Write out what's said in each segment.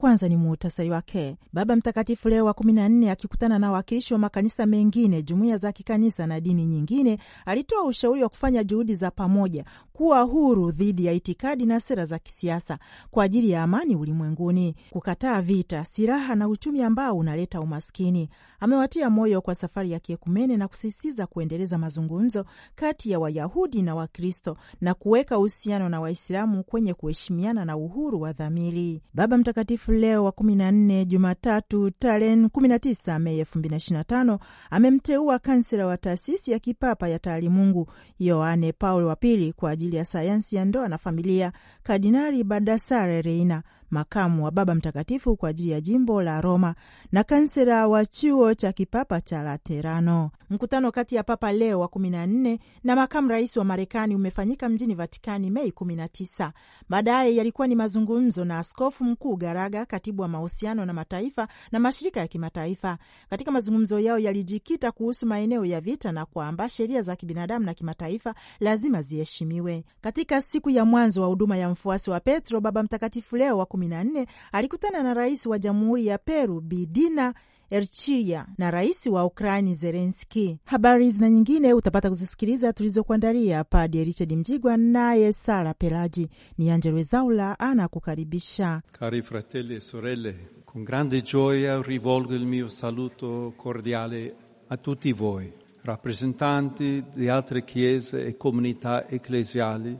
kwanza ni muhtasari wake. Baba Mtakatifu Leo wa 14 akikutana na wawakilishi wa makanisa mengine, jumuiya za kikanisa na dini nyingine, alitoa ushauri wa kufanya juhudi za pamoja kuwa huru dhidi ya itikadi na sera za kisiasa kwa ajili ya amani ulimwenguni, kukataa vita, silaha na uchumi ambao unaleta umaskini. Amewatia moyo kwa safari ya kiekumene na kusisitiza kuendeleza mazungumzo kati ya Wayahudi na Wakristo na kuweka uhusiano na Waislamu kwenye kuheshimiana na uhuru wa dhamiri. Baba Mtakatifu Leo wa 14 Jumatatu tarehe 19 Mei 2025 amemteua kansela wa taasisi ya kipapa ya taalimungu Yohane Paulo wa Pili kwa ajili ya sayansi ya ndoa na familia, Kardinali Baldassare Reina makamu wa Baba Mtakatifu kwa ajili ya jimbo la Roma na kansela wa chuo cha kipapa cha Laterano. Mkutano kati ya Papa Leo wa 14 na makamu rais wa Marekani umefanyika mjini Vatikani Mei 19. Baadaye yalikuwa ni mazungumzo na askofu mkuu Garaga, katibu wa mahusiano na mataifa na mashirika ya kimataifa. Katika mazungumzo yao yalijikita kuhusu maeneo ya vita na kwamba sheria za kibinadamu na kimataifa lazima ziheshimiwe. Katika siku ya mwanzo wa huduma ya mfuasi wa Petro, Baba Mtakatifu Leo wa 14 alikutana na rais wa jamhuri ya Peru Bidina Erchia na rais wa Ukraini Zelenski. Habari zina nyingine utapata kuzisikiliza tulizokuandalia. Padre Richard Mjigwa naye Sara Pelaji. Ni Angelo Ezaula anakukaribisha. Cari fratelli e sorelle, con grande gioia rivolgo il mio saluto cordiale a tutti voi rappresentanti di altre chiese e comunità ecclesiali,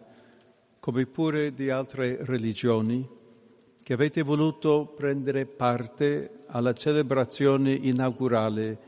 come pure di altre religioni che avete voluto prendere parte alla celebrazione inaugurale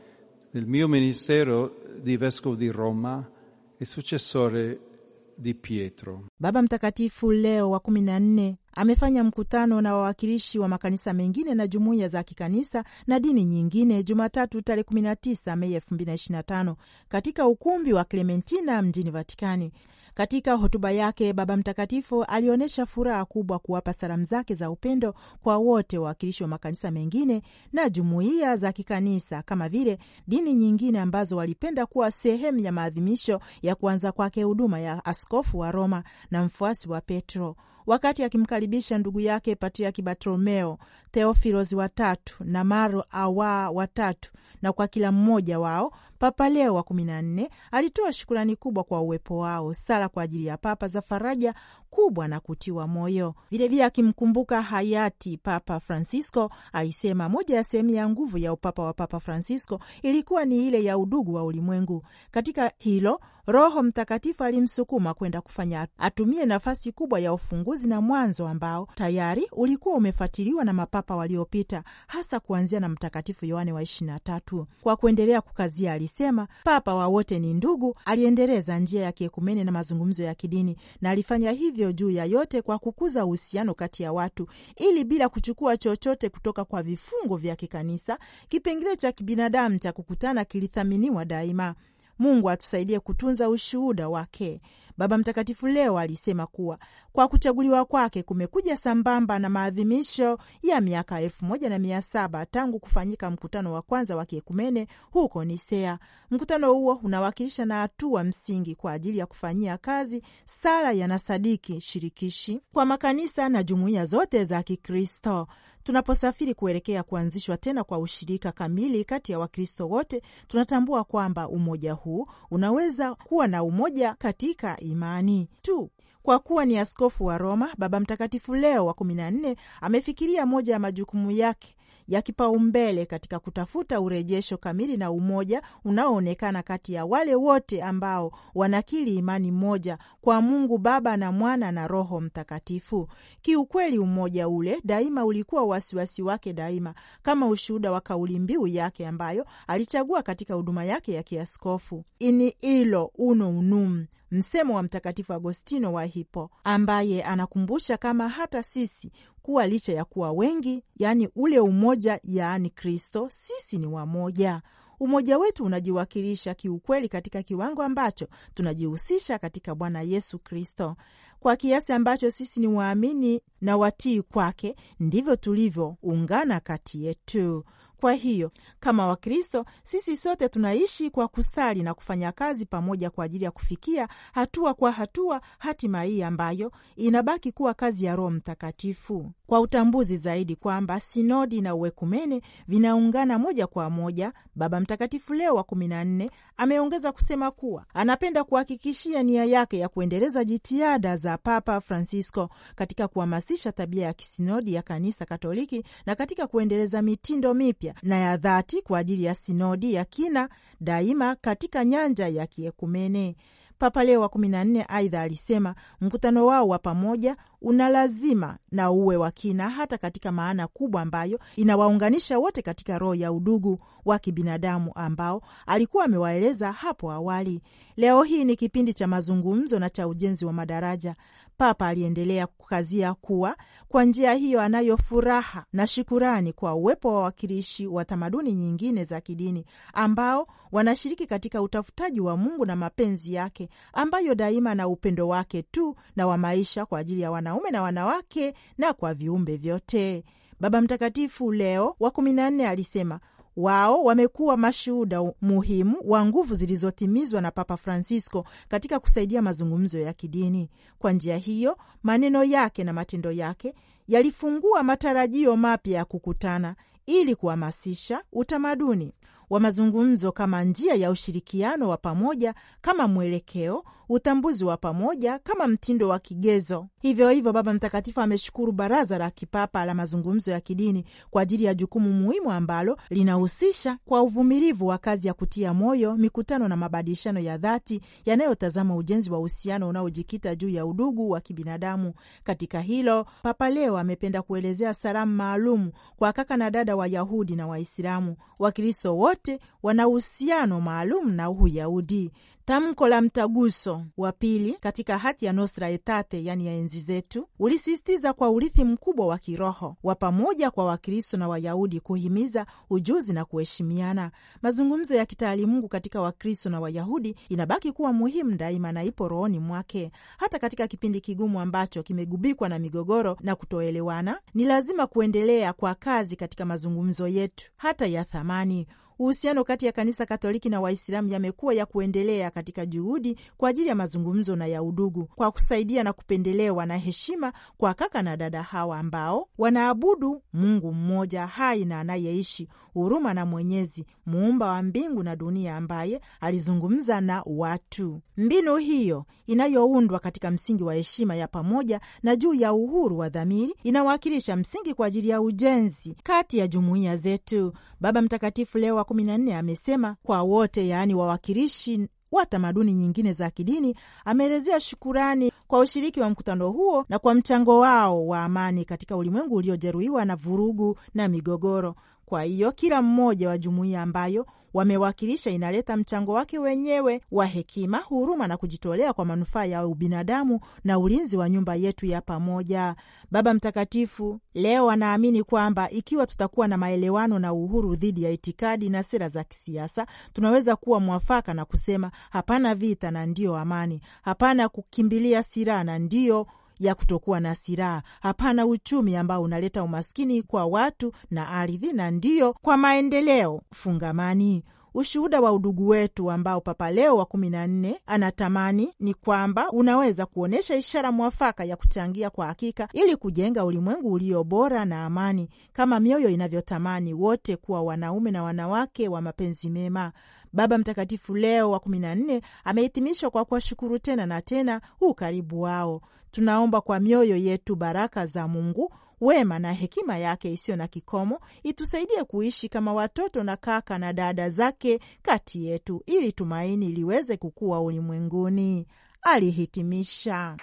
del mio ministero di vescovo di Roma e successore di Pietro. Baba Mtakatifu Leo wa 14 amefanya mkutano na wawakilishi wa makanisa mengine na jumuiya za kikanisa na dini nyingine Jumatatu tarehe 19 Mei 2025 katika ukumbi wa Clementina mjini Vatikani. Katika hotuba yake, Baba Mtakatifu alionyesha furaha kubwa kuwapa salamu zake za upendo kwa wote wawakilishi wa makanisa mengine na jumuiya za kikanisa kama vile dini nyingine ambazo walipenda kuwa sehemu ya maadhimisho ya kuanza kwake huduma ya askofu wa Roma na mfuasi wa Petro. Wakati akimkaribisha ndugu yake Patriaki Bartolomeo, Theofilos watatu na Maro Awa watatu, na kwa kila mmoja wao Papa Leo wa kumi na nne alitoa shukurani kubwa kwa uwepo wao, sala kwa ajili ya papa za faraja kubwa na kutiwa moyo. Vilevile akimkumbuka hayati Papa Francisco alisema moja ya sehemu ya nguvu ya upapa wa Papa Francisco ilikuwa ni ile ya udugu wa ulimwengu. Katika hilo Roho Mtakatifu alimsukuma kwenda kufanya atumie nafasi kubwa ya ufunguzi na mwanzo ambao tayari ulikuwa umefuatiliwa na mapapa waliopita, hasa kuanzia na Mtakatifu Yohane wa ishirini na tatu kwa kuendelea kukazia alisema papa wa wote ni ndugu. Aliendeleza njia ya kiekumene na mazungumzo ya kidini, na alifanya hivyo juu ya yote kwa kukuza uhusiano kati ya watu, ili bila kuchukua chochote kutoka kwa vifungo vya kikanisa, kipengele cha kibinadamu cha kukutana kilithaminiwa daima. Mungu atusaidie kutunza ushuhuda wake. Baba Mtakatifu leo alisema kuwa kwa kuchaguliwa kwake kumekuja sambamba na maadhimisho ya miaka elfu moja na mia saba tangu kufanyika mkutano wa kwanza wa kiekumene huko Nisea. Mkutano huo unawakilisha na hatua msingi kwa ajili ya kufanyia kazi sala ya nasadiki shirikishi kwa makanisa na jumuiya zote za Kikristo. Tunaposafiri kuelekea kuanzishwa tena kwa ushirika kamili kati ya Wakristo wote, tunatambua kwamba umoja huu unaweza kuwa na umoja katika imani tu. Kwa kuwa ni askofu wa Roma, Baba Mtakatifu Leo wa 14 amefikiria moja ya majukumu yake ya kipaumbele katika kutafuta urejesho kamili na umoja unaoonekana kati ya wale wote ambao wanakili imani moja kwa Mungu Baba na Mwana na Roho Mtakatifu. Kiukweli, umoja ule daima ulikuwa wasiwasi wake daima, kama ushuhuda wa kauli mbiu yake ambayo alichagua katika huduma yake ya kiaskofu ini ilo uno unum msemo wa Mtakatifu Agostino wa Hipo ambaye anakumbusha kama hata sisi kuwa licha ya kuwa wengi, yaani ule umoja, yaani Kristo, sisi ni wamoja. Umoja wetu unajiwakilisha kiukweli katika kiwango ambacho tunajihusisha katika Bwana Yesu Kristo. Kwa kiasi ambacho sisi ni waamini na watii kwake, ndivyo tulivyoungana kati yetu. Kwa hiyo kama Wakristo sisi sote tunaishi kwa kusali na kufanya kazi pamoja kwa ajili ya kufikia hatua kwa hatua hatima hii ambayo inabaki kuwa kazi ya Roho Mtakatifu, kwa utambuzi zaidi kwamba sinodi na uwekumene vinaungana moja kwa moja. Baba Mtakatifu Leo wa kumi na nne ameongeza kusema kuwa anapenda kuhakikishia nia yake ya kuendeleza jitihada za Papa Francisco katika kuhamasisha tabia ya kisinodi ya Kanisa Katoliki na katika kuendeleza mitindo mipya na ya dhati kwa ajili ya sinodi ya kina daima katika nyanja ya kiekumene. Papa Leo wa kumi na nne aidha alisema mkutano wao wa pamoja una lazima na uwe wa kina, hata katika maana kubwa ambayo inawaunganisha wote katika roho ya udugu wa kibinadamu ambao alikuwa amewaeleza hapo awali. Leo hii ni kipindi cha mazungumzo na cha ujenzi wa madaraja Papa aliendelea kukazia kuwa kwa njia hiyo anayo furaha na shukurani kwa uwepo wa wawakilishi wa tamaduni nyingine za kidini ambao wanashiriki katika utafutaji wa Mungu na mapenzi yake ambayo daima na upendo wake tu na wa maisha kwa ajili ya wanaume na wanawake na kwa viumbe vyote. Baba Mtakatifu Leo wa kumi na nne alisema wao wamekuwa mashuhuda muhimu wa nguvu zilizotimizwa na Papa Francisco katika kusaidia mazungumzo ya kidini. Kwa njia hiyo, maneno yake na matendo yake yalifungua matarajio mapya ya kukutana ili kuhamasisha utamaduni wa mazungumzo kama njia ya ushirikiano wa pamoja, kama mwelekeo, utambuzi wa pamoja, kama mtindo wa kigezo. Hivyo hivyo, Baba Mtakatifu ameshukuru Baraza la Kipapa la Mazungumzo ya Kidini kwa ajili ya jukumu muhimu ambalo linahusisha kwa uvumilivu wa kazi ya kutia moyo, mikutano na mabadilishano ya dhati yanayotazama ujenzi wa uhusiano unaojikita juu ya udugu wa kibinadamu. Katika hilo, Papa leo amependa kuelezea salamu maalum kwa kaka na dada Wayahudi na Waislamu, Wakristo wote wote wana uhusiano maalum na Uyahudi. Tamko la mtaguso wa pili katika hati ya Nostra Aetate, yaani ya enzi zetu, ulisisitiza kwa urithi mkubwa wa kiroho wa pamoja kwa Wakristo na Wayahudi, kuhimiza ujuzi na kuheshimiana. Mazungumzo ya kitaalimungu katika Wakristo na Wayahudi inabaki kuwa muhimu daima na ipo rohoni mwake, hata katika kipindi kigumu ambacho kimegubikwa na migogoro na kutoelewana. Ni lazima kuendelea kwa kazi katika mazungumzo yetu hata ya thamani Uhusiano kati ya kanisa Katoliki na Waislamu yamekuwa ya kuendelea katika juhudi kwa ajili ya mazungumzo na ya udugu, kwa kusaidia na kupendelewa na heshima kwa kaka na dada hawa ambao wanaabudu Mungu mmoja hai na anayeishi huruma na Mwenyezi muumba wa mbingu na dunia, ambaye alizungumza na watu. Mbinu hiyo inayoundwa katika msingi wa heshima ya pamoja na juu ya uhuru wa dhamiri inawakilisha msingi kwa ajili ya ujenzi kati ya jumuiya zetu Baba Mtakatifu Leo wa kumi na nne amesema kwa wote, yaani wawakilishi wa tamaduni nyingine za kidini. Ameelezea shukurani kwa ushiriki wa mkutano huo na kwa mchango wao wa amani katika ulimwengu uliojeruhiwa na vurugu na migogoro. Kwa hiyo kila mmoja wa jumuiya ambayo wamewakilisha inaleta mchango wake wenyewe wa hekima, huruma na kujitolea kwa manufaa ya ubinadamu na ulinzi wa nyumba yetu ya pamoja. Baba Mtakatifu leo anaamini kwamba ikiwa tutakuwa na maelewano na uhuru dhidi ya itikadi na sera za kisiasa, tunaweza kuwa mwafaka na kusema hapana vita na ndiyo amani, hapana kukimbilia silaha na ndiyo ya kutokuwa na silaha, hapana uchumi ambao unaleta umaskini kwa watu na ardhi, na ndiyo kwa maendeleo fungamani. Ushuhuda wa udugu wetu ambao Papa Leo wa kumi na nne anatamani ni kwamba unaweza kuonyesha ishara mwafaka ya kuchangia kwa hakika ili kujenga ulimwengu ulio bora na amani, kama mioyo inavyotamani wote kuwa wanaume na wanawake wa mapenzi mema. Baba Mtakatifu Leo wa kumi na nne amehitimishwa kwa kuwashukuru tena na tena huu karibu wao. Tunaomba kwa mioyo yetu baraka za Mungu, wema na hekima yake isiyo na kikomo itusaidie kuishi kama watoto na kaka na dada zake kati yetu, ili tumaini liweze kukua ulimwenguni, alihitimisha.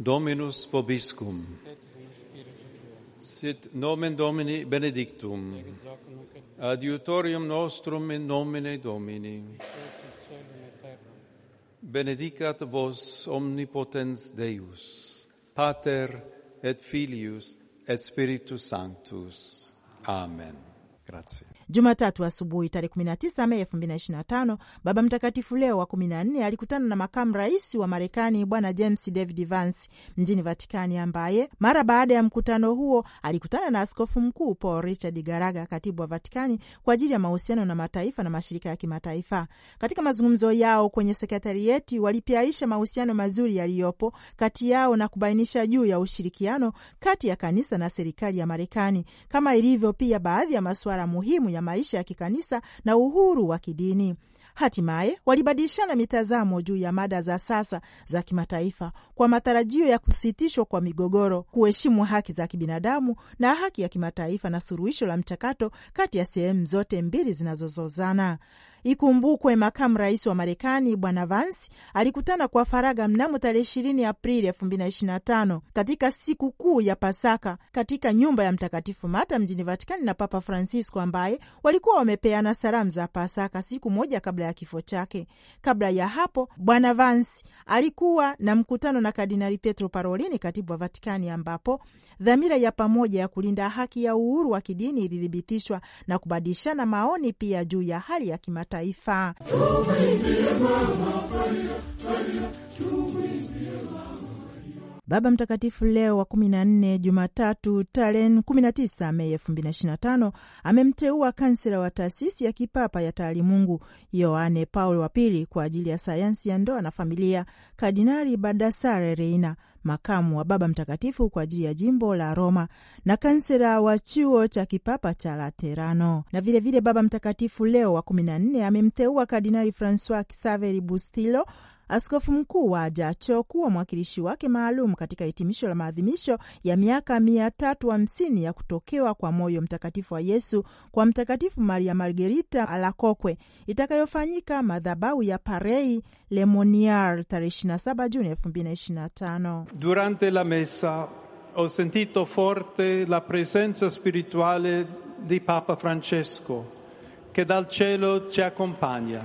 Dominus vobiscum. Sit nomen Domini benedictum. Adiutorium nostrum in nomine Domini. Benedicat vos omnipotens Deus, Pater et Filius et Spiritus Sanctus. Amen. Grazie. Jumatatu asubuhi tarehe 19 Mei 2025 Baba Mtakatifu Leo wa 14 alikutana na makamu rais wa Marekani Bwana James David Vance mjini Vatikani, ambaye mara baada ya mkutano huo alikutana na askofu mkuu Paul Richard Garaga, katibu wa Vatikani kwa ajili ya mahusiano na mataifa na mashirika ya kimataifa. Katika mazungumzo yao kwenye sekretarieti, walipiaisha mahusiano mazuri yaliyopo kati yao na kubainisha juu ya ushirikiano kati ya kanisa na serikali ya Marekani, kama ilivyo pia baadhi ya masuala muhimu ya maisha ya kikanisa na uhuru wa kidini. Hatimaye walibadilishana mitazamo juu ya mada za sasa za kimataifa kwa matarajio ya kusitishwa kwa migogoro, kuheshimu haki za kibinadamu na haki ya kimataifa, na suluhisho la mchakato kati ya sehemu zote mbili zinazozozana. Ikumbukwe makamu rais wa Marekani Bwana Vance alikutana kwa faragha mnamo tarehe ishirini Aprili elfu mbili na ishirini na tano katika siku kuu ya Pasaka katika nyumba ya Mtakatifu Mata mjini Vatikani na Papa Francisco ambaye walikuwa wamepeana salamu za Pasaka siku moja kabla ya kifo chake. Kabla ya hapo, Bwana Vance alikuwa na mkutano na Kardinali Petro Parolini, katibu wa Vatikani, ambapo dhamira ya pamoja ya kulinda haki ya uhuru wa kidini ilithibitishwa na kubadilishana maoni pia juu ya hali ya kimataifa 一发。Baba Mtakatifu Leo wa 14 Jumatatu tarehe 19 Mei 2025 amemteua kansela wa taasisi ya kipapa ya taalimungu Yohane Paulo wa Pili kwa ajili ya sayansi ya ndoa na familia, Kardinali Baldassare Reina, makamu wa Baba Mtakatifu kwa ajili ya jimbo la Roma na kansela wa chuo cha kipapa cha Laterano. Na vilevile vile Baba Mtakatifu Leo wa 14 amemteua Kardinali Francois Xaveri Bustilo Askofu mkuu wa Ajaccio kuwa mwakilishi wake maalum katika hitimisho la maadhimisho ya miaka mia tatu hamsini ya kutokewa kwa moyo mtakatifu wa Yesu kwa Mtakatifu Maria Margherita Alacoque itakayofanyika madhabahu ya Parei Lemoniar tarehe 27 Juni 2025. Durante la messa ho sentito forte la presenza spirituale di Papa Francesco che dal cielo ci accompagna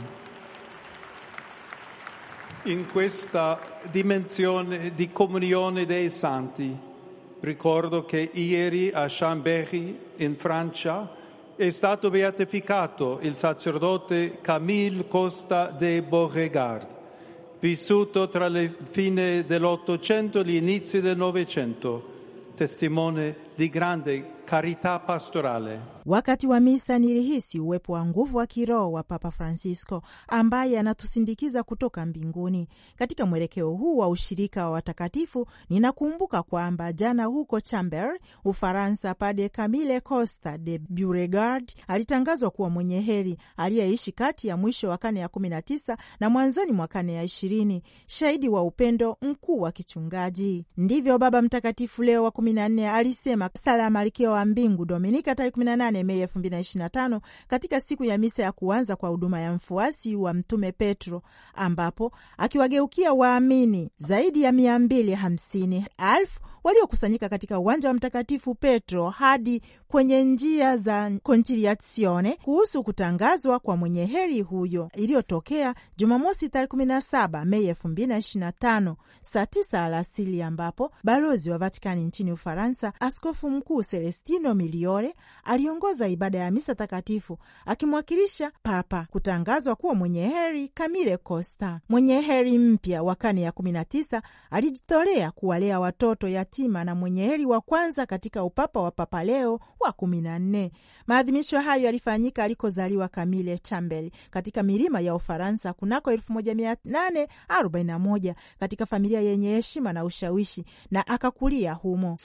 in questa dimensione di comunione dei santi. Ricordo che ieri a Chambéry, in Francia, è stato beatificato il sacerdote Camille Costa de Beauregard, vissuto tra le fine dell'Ottocento e gli inizi del Novecento, testimone di grande carità pastorale. Wakati wa misa nilihisi uwepo wa nguvu wa kiroho wa Papa Francisco ambaye anatusindikiza kutoka mbinguni. Katika mwelekeo huu wa ushirika wa watakatifu, ninakumbuka kwamba jana huko Chamber, Ufaransa, Padre Camille Costa de Buregard alitangazwa kuwa mwenye heri aliyeishi kati ya mwisho wa karne ya 19 na mwanzoni mwa karne ya 20, shahidi wa upendo mkuu wa kichungaji. Ndivyo Baba Mtakatifu Leo wa 14 alisema sala ya Malkia wa Mbingu Dominika tarehe 18 Mei 2025 katika siku ya misa ya kuanza kwa huduma ya mfuasi wa Mtume Petro, ambapo akiwageukia waamini zaidi ya 250 waliokusanyika katika uwanja wa Mtakatifu Petro hadi kwenye njia za Konchiliazione kuhusu kutangazwa kwa mwenye heri huyo iliyotokea Jumamosi tarehe 17 Mei 2025 saa 9 alasili, ambapo balozi wa Vatikani nchini Ufaransa asko Askofu Mkuu Celestino Miliore aliongoza ibada ya misa takatifu akimwakilisha Papa kutangazwa kuwa mwenye heri Camille Costa, mwenye heri mpya wa kane ya 19. Alijitolea kuwalea watoto yatima na mwenye heri wa kwanza katika upapa wa Papa Leo wa 14. Maadhimisho hayo yalifanyika alikozaliwa Camille Chambel katika milima ya Ufaransa kunako 1841 katika familia yenye heshima na ushawishi na akakulia humo.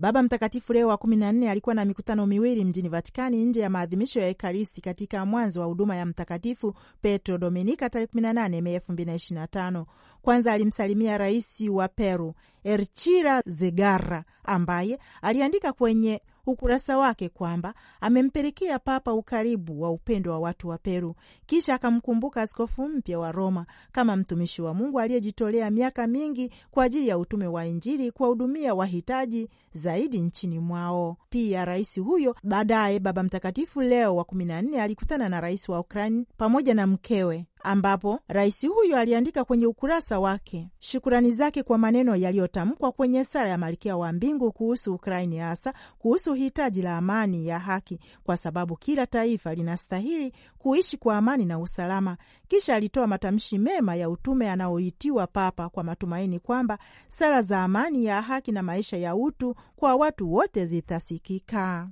Baba Mtakatifu Leo wa kumi na nne alikuwa na mikutano miwili mjini Vatikani nje ya maadhimisho ya Ekaristi katika mwanzo wa huduma ya Mtakatifu Petro Dominika tarehe 18 Mei 2025. Kwanza alimsalimia rais wa Peru Erchira Zegarra ambaye aliandika kwenye ukurasa wake kwamba amempelekea Papa ukaribu wa upendo wa watu wa Peru. Kisha akamkumbuka askofu mpya wa Roma kama mtumishi wa Mungu aliyejitolea miaka mingi kwa ajili ya utume wa Injili, kuwahudumia wahitaji zaidi nchini mwao. Pia rais huyo baadaye, Baba Mtakatifu Leo wa kumi na nne alikutana na rais wa Ukraini pamoja na mkewe ambapo rais huyo aliandika kwenye ukurasa wake shukurani zake kwa maneno yaliyotamkwa kwenye sala ya Malkia wa Mbingu kuhusu Ukraini, hasa kuhusu hitaji la amani ya haki, kwa sababu kila taifa linastahili kuishi kwa amani na usalama. Kisha alitoa matamshi mema ya utume anaoitiwa Papa kwa matumaini kwamba sala za amani ya haki na maisha ya utu kwa watu wote zitasikika.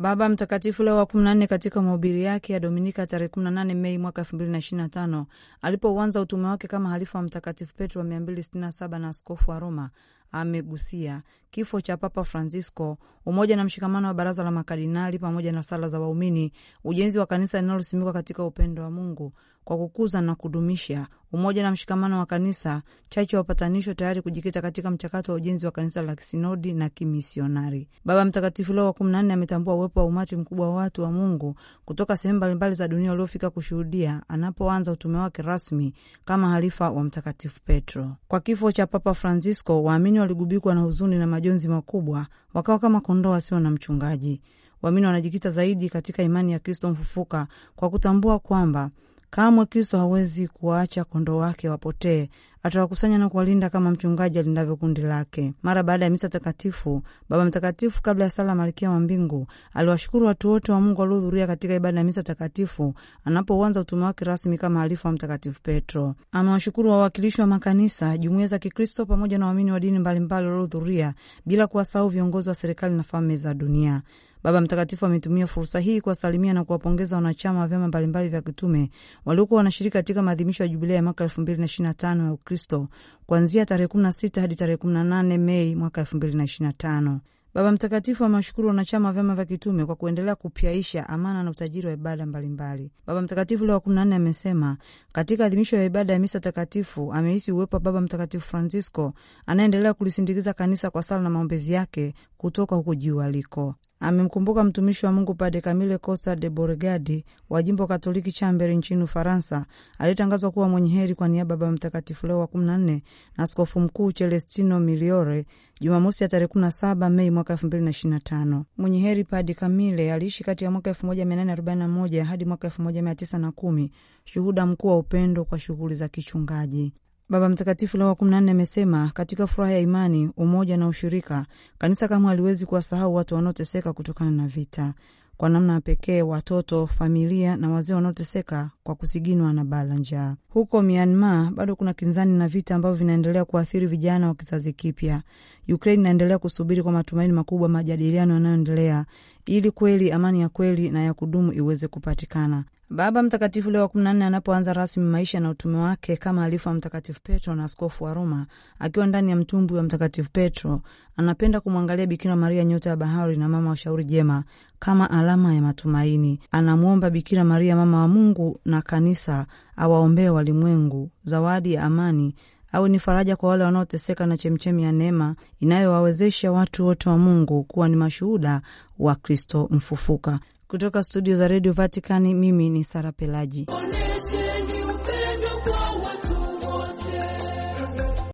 Baba Mtakatifu Leo wa 14 katika mahubiri yake ya Dominika tarehe 18 Mei mwaka 2025 alipouanza utume wake kama halifa wa Mtakatifu Petro wa 267 na askofu wa Roma amegusia kifo cha Papa Francisco, umoja na mshikamano wa baraza la makardinali pamoja na sala za waumini, ujenzi wa kanisa linalosimikwa katika upendo wa Mungu kwa kukuza na kudumisha umoja na mshikamano wa kanisa, chachu ya upatanisho, tayari kujikita katika mchakato wa ujenzi wa kanisa la kisinodi na kimisionari. Baba Mtakatifu Leo wa kumi na nne ametambua uwepo wa umati mkubwa wa watu wa Mungu kutoka sehemu mbalimbali za dunia waliofika kushuhudia anapoanza utume wake rasmi kama halifa wa Mtakatifu Petro. Kwa kifo cha Papa Francisco, waamini waamini waligubikwa na huzuni na majonzi makubwa, wakawa kama kondoo wasio na mchungaji. Waamini wanajikita zaidi katika imani ya Kristo mfufuka kwa kutambua kwamba Kamwe Kristo hawezi kuwaacha kondoo wake wapotee, atawakusanya na kuwalinda kama mchungaji alindavyo kundi lake. Mara baada ya misa takatifu, Baba Mtakatifu, kabla ya sala Malkia wa Mbingu, aliwashukuru watu wote wa Mungu waliohudhuria katika ibada ya misa takatifu, anapoanza utume wake rasmi kama alifu wa Mtakatifu Petro. Amewashukuru wawakilishi wa makanisa, jumuiya za Kikristo pamoja na waamini wa dini mbalimbali waliohudhuria, bila kuwasahau viongozi wa serikali na falme za dunia. Baba Mtakatifu ametumia fursa hii kuwasalimia na kuwapongeza wanachama wa vyama mbalimbali vya kitume waliokuwa wanashiriki katika maadhimisho ya jubilia ya mwaka 2025 ya Ukristo kuanzia tarehe 16 hadi tarehe 18 Mei mwaka 2025. Baba Mtakatifu amewashukuru wanachama wa vyama vya kitume kwa kuendelea kupyaisha amana na utajiri wa ibada mbalimbali. Baba Mtakatifu Leo wa kumi na nne amesema katika adhimisho ya ibada ya misa takatifu amehisi uwepo wa Baba Mtakatifu Francisco anayeendelea kulisindikiza kanisa kwa sala na maombezi yake kutoka huko juu aliko amemkumbuka mtumishi wa Mungu pade Kamile Costa de Borgadi wa jimbo Katoliki chamberi nchini Ufaransa aliyetangazwa kuwa mwenye heri kwa niaba ya Baba Mtakatifu Leo wa 14 na askofu mkuu Celestino Miliore Jumamosi ya tarehe 17 Mei mwaka 2025. Mwenye heri pade Kamile aliishi kati ya mwaka 1841 hadi mwaka 1910, shuhuda mkuu wa upendo kwa shughuli za kichungaji. Baba Mtakatifu Leo wa kumi na nne amesema katika furaha ya imani, umoja na ushirika, kanisa kama haliwezi kuwasahau watu wanaoteseka kutokana na vita, kwa namna ya pekee watoto, familia na wazee wanaoteseka kwa kusiginwa na baa la njaa. Huko Myanmar bado kuna kinzani na vita ambavyo vinaendelea kuathiri vijana wa kizazi kipya. Ukraine inaendelea kusubiri kwa matumaini makubwa majadiliano yanayoendelea ili kweli amani ya kweli na ya kudumu iweze kupatikana. Baba Mtakatifu Leo wa kumi na nne anapoanza rasmi maisha na utume wake kama alifu wa Mtakatifu Petro na askofu wa Roma, akiwa ndani ya mtumbwi wa Mtakatifu Petro, anapenda kumwangalia Bikira Maria, nyota ya bahari na mama wa shauri jema, kama alama ya matumaini. Anamwomba Bikira Maria, mama wa Mungu na Kanisa, awaombee walimwengu zawadi ya amani au ni faraja kwa wale wanaoteseka na chemchemi ya neema inayowawezesha watu wote wa Mungu kuwa ni mashuhuda wa Kristo mfufuka. Kutoka studio za redio vaticani mimi ni Sara Pelaji.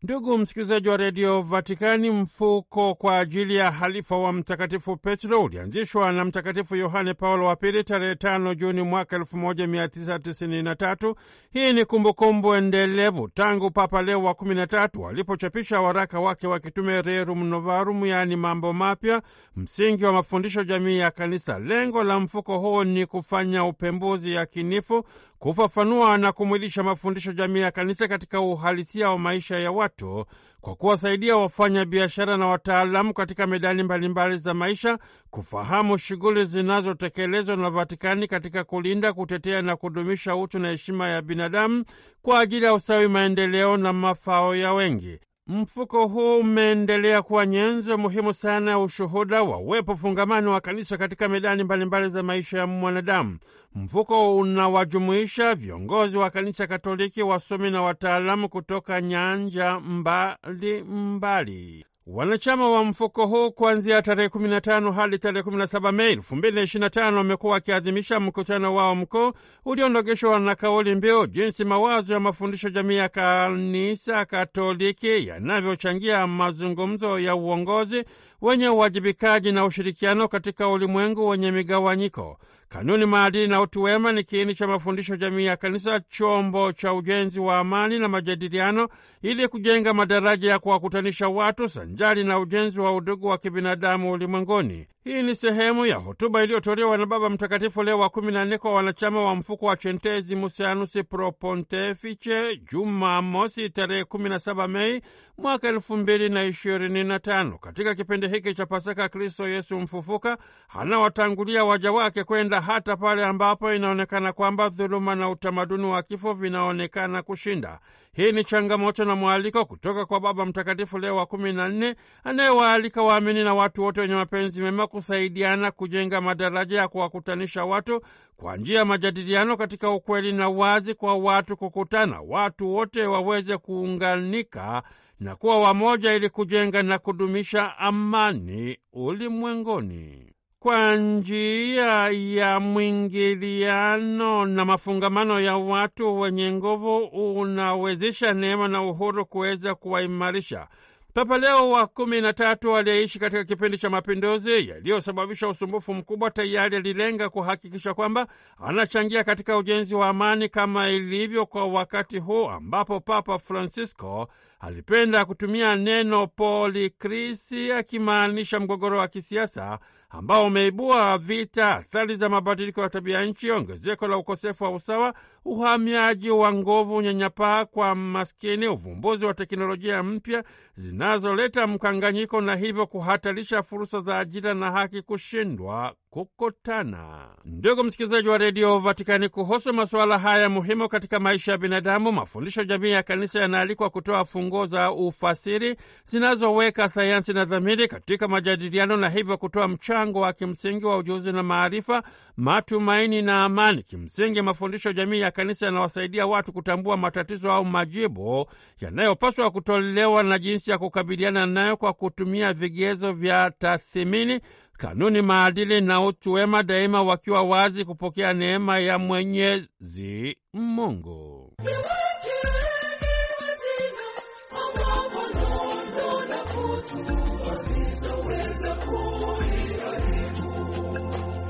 Ndugu msikilizaji wa redio Vatikani, mfuko kwa ajili ya halifa wa Mtakatifu Petro ulianzishwa na Mtakatifu Yohane Paulo wa Pili tarehe 5 Juni mwaka 1993. Hii ni kumbukumbu endelevu tangu Papa Leo wa 13 alipochapisha waraka wake wa kitume Rerum Novarum, yaani mambo mapya, msingi wa mafundisho jamii ya Kanisa. Lengo la mfuko huo ni kufanya upembuzi yakinifu kufafanua na kumwilisha mafundisho jamii ya kanisa katika uhalisia wa maisha ya watu kwa kuwasaidia wafanya biashara na wataalamu katika medani mbalimbali za maisha kufahamu shughuli zinazotekelezwa na Vatikani katika kulinda, kutetea na kudumisha utu na heshima ya binadamu kwa ajili ya ustawi, maendeleo na mafao ya wengi. Mfuko huu umeendelea kuwa nyenzo muhimu sana ya ushuhuda wa uwepo fungamano wa kanisa katika medani mbalimbali za maisha ya mwanadamu. Mfuko unawajumuisha viongozi wa kanisa Katoliki, wasomi na wataalamu kutoka nyanja mbalimbali. Wanachama wa mfuko huu kuanzia tarehe 15 hadi tarehe 17 Mei 2025 wamekuwa wakiadhimisha mkutano wao mkuu uliondogeshwa na kauli mbiu jinsi mawazo ya mafundisho jamii ya Kanisa Katoliki yanavyochangia mazungumzo ya uongozi wenye uwajibikaji na ushirikiano katika ulimwengu wenye migawanyiko. Kanuni, maadili na utu wema ni kiini cha mafundisho jamii ya Kanisa, chombo cha ujenzi wa amani na majadiliano, ili kujenga madaraja ya kuwakutanisha watu sanjari na ujenzi wa udugu wa kibinadamu ulimwenguni. Hii ni sehemu ya hotuba iliyotolewa na Baba Mtakatifu Leo wa kumi na nne kwa wanachama wa mfuko wa Chentezi Musianus Propontefiche Jumamosi tarehe 17 Mei mwaka elfu mbili na ishirini na tano. Katika kipindi hiki cha Pasaka, Kristo Yesu mfufuka anawatangulia waja wake kwenda hata pale ambapo inaonekana kwamba dhuluma na utamaduni wa kifo vinaonekana kushinda. Hii ni changamoto na mwaliko kutoka kwa Baba Mtakatifu Leo wa kumi na nne anayewaalika waamini na watu wote wenye mapenzi mema kusaidiana kujenga madaraja ya kuwakutanisha watu kwa njia ya majadiliano katika ukweli na wazi, kwa watu kukutana, watu wote waweze kuunganika na kuwa wamoja ili kujenga na kudumisha amani ulimwengoni kwa njia ya mwingiliano na mafungamano ya watu wenye nguvu unawezesha neema na uhuru kuweza kuwaimarisha. Papa Leo wa kumi na tatu aliyeishi katika kipindi cha mapinduzi yaliyosababisha usumbufu mkubwa, tayari alilenga kuhakikisha kwamba anachangia katika ujenzi wa amani, kama ilivyo kwa wakati huu ambapo Papa Francisco alipenda kutumia neno polikrisi, akimaanisha mgogoro wa kisiasa ambao umeibua vita, athari za mabadiliko ya tabia nchi, ongezeko la ukosefu wa usawa, uhamiaji wa nguvu, unyanyapaa kwa maskini, uvumbuzi wa teknolojia mpya zinazoleta mkanganyiko na hivyo kuhatarisha fursa za ajira na haki kushindwa kukutana. Ndugu msikilizaji wa redio Vatikani, kuhusu masuala haya muhimu katika maisha ya binadamu, mafundisho jamii ya kanisa yanaalikwa kutoa funguo za ufasiri zinazoweka sayansi na dhamiri katika majadiliano na hivyo kutoa mchango wa kimsingi wa ujuzi na maarifa, matumaini na amani. Kimsingi mafundisho jamii ya kanisa yanawasaidia watu kutambua matatizo au majibu yanayopaswa kutolewa na jinsi ya kukabiliana nayo kwa kutumia vigezo vya tathimini, kanuni, maadili na utu wema, daima wakiwa wazi kupokea neema ya Mwenyezi Mungu.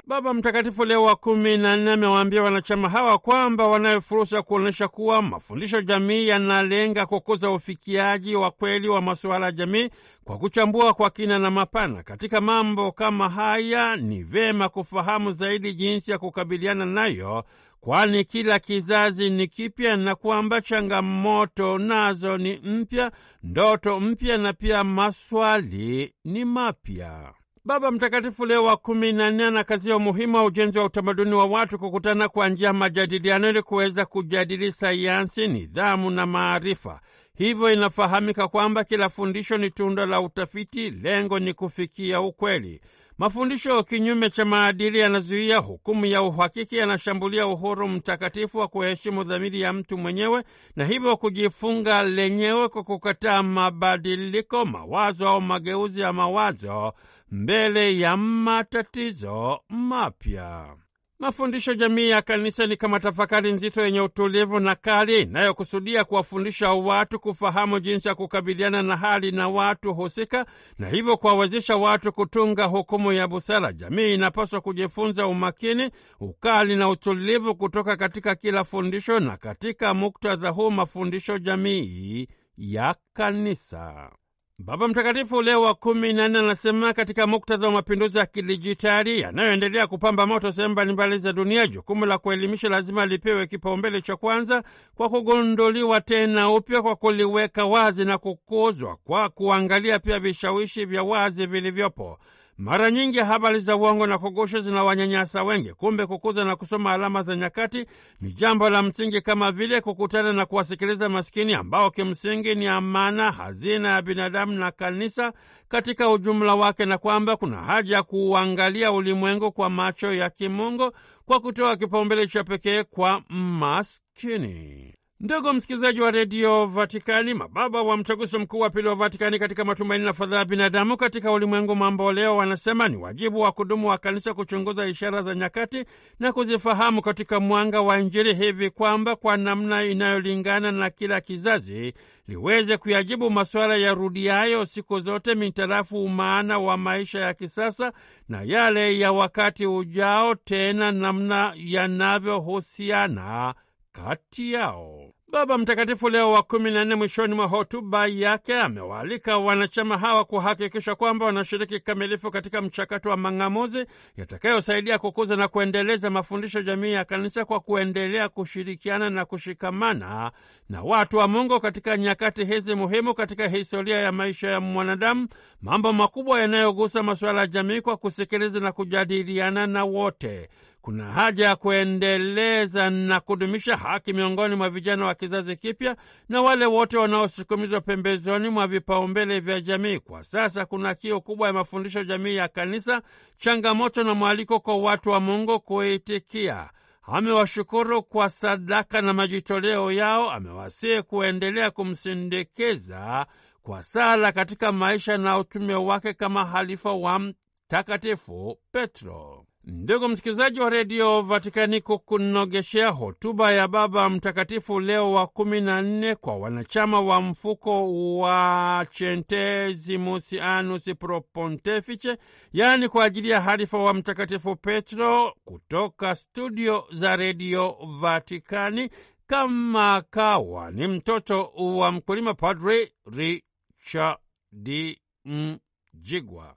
Baba Mtakatifu Leo wa kumi na nne amewaambia wanachama hawa kwamba wanayo fursa ya kuonyesha kuwa mafundisho jamii yanalenga kukuza ufikiaji wa kweli wa masuala ya jamii kwa kuchambua kwa kina na mapana. Katika mambo kama haya, ni vema kufahamu zaidi jinsi ya kukabiliana nayo, kwani kila kizazi ni kipya na kwamba changamoto nazo ni mpya, ndoto mpya na pia maswali ni mapya. Baba Mtakatifu Leo wa kumi na nne anakazia umuhimu wa ujenzi wa utamaduni wa watu kukutana kwa njia majadiliano ili kuweza kujadili sayansi, nidhamu na maarifa. Hivyo inafahamika kwamba kila fundisho ni tunda la utafiti, lengo ni kufikia ukweli. Mafundisho kinyume cha maadili yanazuia hukumu ya uhakiki, yanashambulia uhuru mtakatifu wa kuheshimu dhamiri ya mtu mwenyewe na hivyo kujifunga lenyewe kwa kukataa mabadiliko, mawazo au mageuzi ya mawazo mbele ya matatizo mapya. Mafundisho jamii ya kanisa ni kama tafakari nzito yenye utulivu na kali inayokusudia kuwafundisha watu kufahamu jinsi ya kukabiliana na hali na watu husika na hivyo kuwawezesha watu kutunga hukumu ya busara. Jamii inapaswa kujifunza umakini, ukali na utulivu kutoka katika kila fundisho, na katika muktadha huu mafundisho jamii ya kanisa Baba Mtakatifu Leo wa kumi na nne anasema katika muktadha wa mapinduzi ya kidijitali yanayoendelea kupamba moto sehemu mbalimbali za dunia, jukumu la kuelimisha lazima lipewe kipaumbele cha kwanza kwa kugunduliwa tena upya, kwa kuliweka wazi na kukuzwa, kwa kuangalia pia vishawishi vya wazi vilivyopo. Mara nyingi habari za uongo na kogosho zinawanyanyasa wengi. Kumbe kukuza na kusoma alama za nyakati ni jambo la msingi, kama vile kukutana na kuwasikiliza maskini ambao kimsingi ni amana, hazina ya binadamu na kanisa katika ujumla wake, na kwamba kuna haja ya kuuangalia ulimwengu kwa macho ya kimungu kwa kutoa kipaumbele cha pekee kwa maskini. Ndugu msikilizaji wa redio Vatikani, mababa wa mtaguso mkuu wa pili wa Vatikani katika matumaini na fadhaa ya binadamu katika ulimwengu mambo leo wanasema ni wajibu wa kudumu wa kanisa kuchunguza ishara za nyakati na kuzifahamu katika mwanga wa Injili hivi kwamba kwa namna inayolingana na kila kizazi liweze kuyajibu masuala ya rudiayo siku zote mitarafu umaana wa maisha ya kisasa na yale ya wakati ujao, tena namna yanavyohusiana kati yao. Baba Mtakatifu Leo wa kumi na nne mwishoni mwa hotuba yake amewaalika wanachama hawa kuhakikisha kwamba wanashiriki kikamilifu katika mchakato wa mang'amuzi yatakayosaidia kukuza na kuendeleza mafundisho jamii ya Kanisa kwa kuendelea kushirikiana na kushikamana na watu wa Mungu katika nyakati hizi muhimu katika historia ya maisha ya mwanadamu, mambo makubwa yanayogusa masuala ya jamii kwa kusikiliza na kujadiliana na wote. Kuna haja ya kuendeleza na kudumisha haki miongoni mwa vijana wa kizazi kipya na wale wote wanaosukumizwa pembezoni mwa vipaumbele vya jamii. Kwa sasa kuna kio kubwa ya mafundisho jamii ya kanisa, changamoto na mwaliko kwa watu wa Mungu kuitikia. Amewashukuru kwa sadaka na majitoleo yao, amewasihi kuendelea kumsindikiza kwa sala katika maisha na utume wake kama halifa wa Mtakatifu Petro. Ndugu msikilizaji wa redio Vatikani, kukunogeshea hotuba ya Baba Mtakatifu Leo wa kumi na nne kwa wanachama wa mfuko wa Centesimus Annus Propontifice, yaani kwa ajili ya harifa wa Mtakatifu Petro, kutoka studio za redio Vatikani. Kama kawa ni mtoto wa mkulima, Padre Richard Mjigwa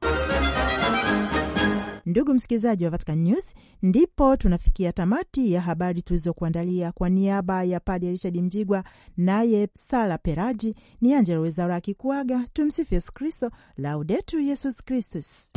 Ndugu msikilizaji wa Vatican News, ndipo tunafikia tamati ya habari tulizokuandalia. Kwa, niaba ya Padre Richard Mjigwa naye Sala Peraji ni Angela Wezaura akikuaga. Tumsifu Yesu Kristo, Laudetur Yesus Kristus.